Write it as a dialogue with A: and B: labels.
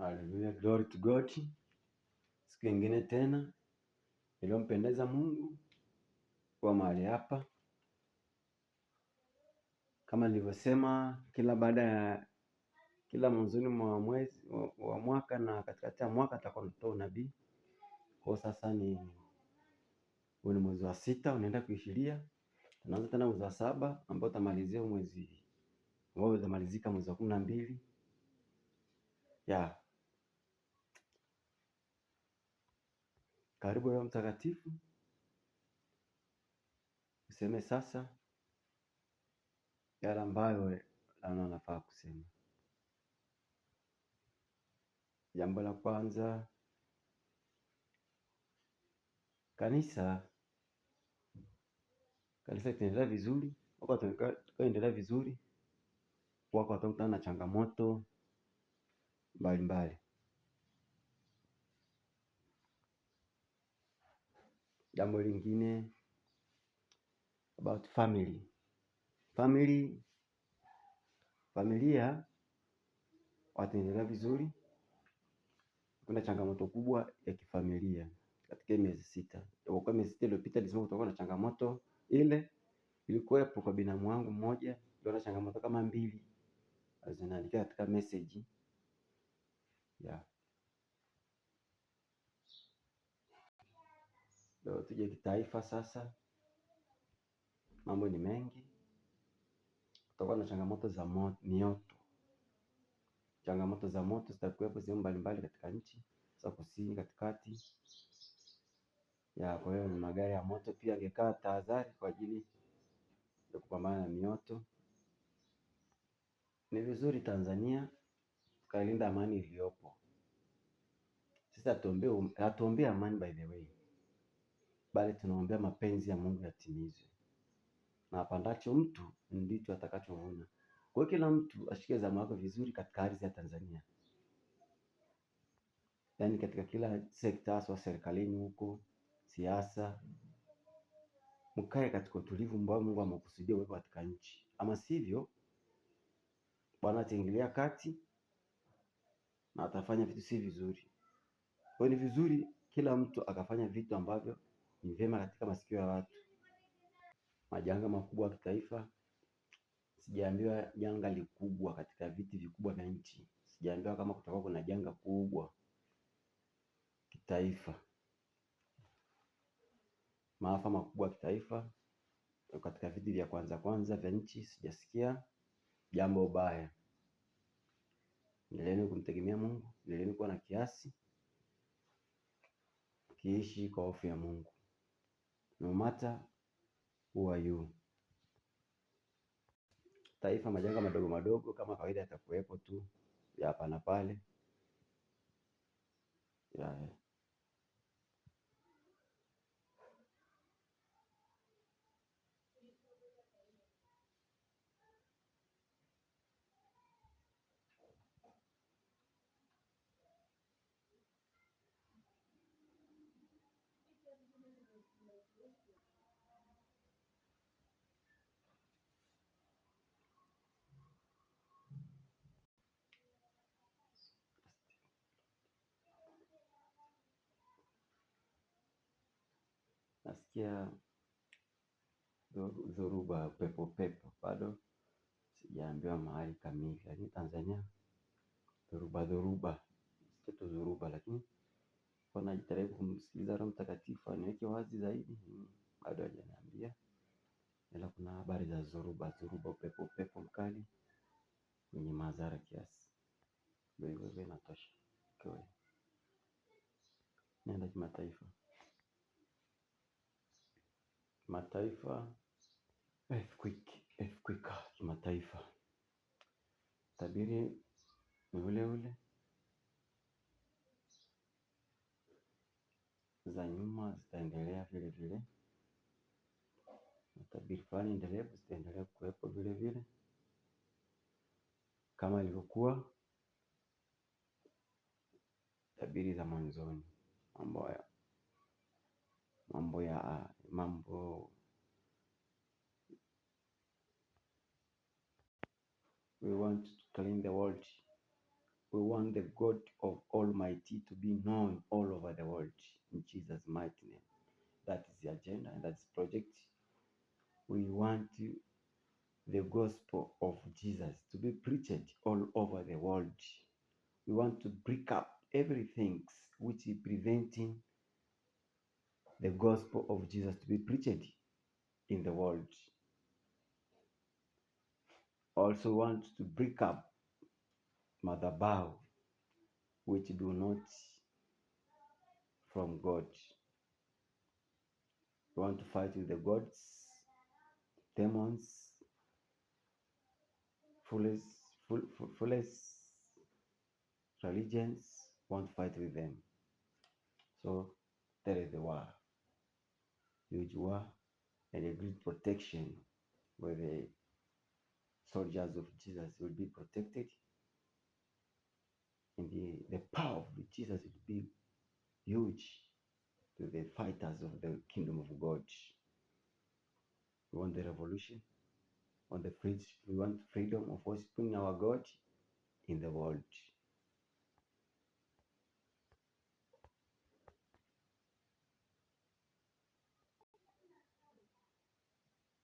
A: Haleluya, glory to God. Siku nyingine tena iliyompendeza Mungu kwa mahali hapa, kama nilivyosema, kila baada ya kila mwanzoni mwa mwezi wa mwaka na katikati ya mwaka atakuwa anatoa unabii. Kwa sasa ni huu ni mwezi wa sita unaenda kuishiria, tunaanza tena mwezi wa saba ambao utamalizia mwezi ambao utamalizika mwezi wa kumi na mbili ya Karibu Roho Mtakatifu, useme sasa yale ambayo ana nafaa kusema. Jambo la kwanza, kanisa kanisa itaendelea vizuri, wako tukaendelea vizuri, wako watakutana na changamoto mbalimbali mbali. Jambo lingine about family. Family, familia wataendelea vizuri. Kuna changamoto kubwa ya kifamilia katika miezi sita, kwa miezi sita iliyopita nilisema kutakuwa na changamoto ile ilikuwepo kwa binamu wangu mmoja, ndio na changamoto kama mbili zinaandikia katika message yeah. Leo tuje kitaifa sasa, mambo ni mengi. tutakuwa na changamoto za moto, mioto. Changamoto za moto zitakuwepo sehemu mbalimbali katika nchi, za kusini, katikati ya. Kwa hiyo ni magari ya moto pia angekaa tahadhari kwa ajili ya kupambana na mioto. Ni vizuri Tanzania tukailinda amani iliyopo. Sisi hatuombee um, amani by the way bali tunaombea mapenzi ya Mungu yatimizwe, na apandacho mtu ndicho atakachovuna. Kwa kila mtu ashike zamu yake vizuri katika ardhi ya Tanzania, yaani katika kila sekta, hasa serikalini huko, siasa, mkae katika utulivu ambao Mungu amekusudia uwepo katika nchi, ama sivyo Bwana ataingilia kati na atafanya vitu si vizuri. Kwa hiyo ni vizuri kila mtu akafanya vitu ambavyo ni vyema katika masikio ya watu. Majanga makubwa ya kitaifa, sijaambiwa janga likubwa katika viti vikubwa vya nchi, sijaambiwa kama kutakuwa kuna janga kubwa kitaifa, maafa makubwa ya kitaifa katika viti vya kwanza kwanza vya nchi, sijasikia jambo baya. Endeleeni kumtegemea Mungu, endeleeni kuwa na kiasi, kiishi kwa hofu ya Mungu no matter who are you. Taifa, majanga madogo madogo kama kawaida yatakuwepo tu ya hapa na pale yeah. nasikia dhoruba upepo pepo, bado sijaambiwa mahali kamili, lakini Tanzania dhoruba dhoruba tu dhoruba, lakini najaribu kumsikiliza Roho Mtakatifu aniweke wazi zaidi, bado hajaniambia, ila kuna habari za dhoruba dhoruba, upepo pepo mkali wenye madhara kiasi. Ndio hivyo, inatosha. Nenda kimataifa kimataifa earthquake earthquake ah, kimataifa. tabiri ni ule ule za nyuma zitaendelea vile vile, tabiri fulani endelevu zitaendelea kuwepo vile vile kama ilivyokuwa tabiri za mwanzoni, mambo ya mambo ya mambo
B: we want to clean the world we want the god of almighty to be known all over the world in jesus mighty name that is the agenda and that's project we want the gospel of jesus to be preached all over the world we want to break up everything which is preventing the gospel of Jesus to be preached in the world. Also want to break up madhabahu which do not from God. We want to fight with the gods, demons, foolish, fool, religions. want to fight with them. So there is the war. Huge war and a great protection where the soldiers of Jesus will be protected. And the, the power of Jesus will be huge to the fighters of the kingdom of God. We want the revolution, on the freedom, we want freedom of worshiping our God in the world.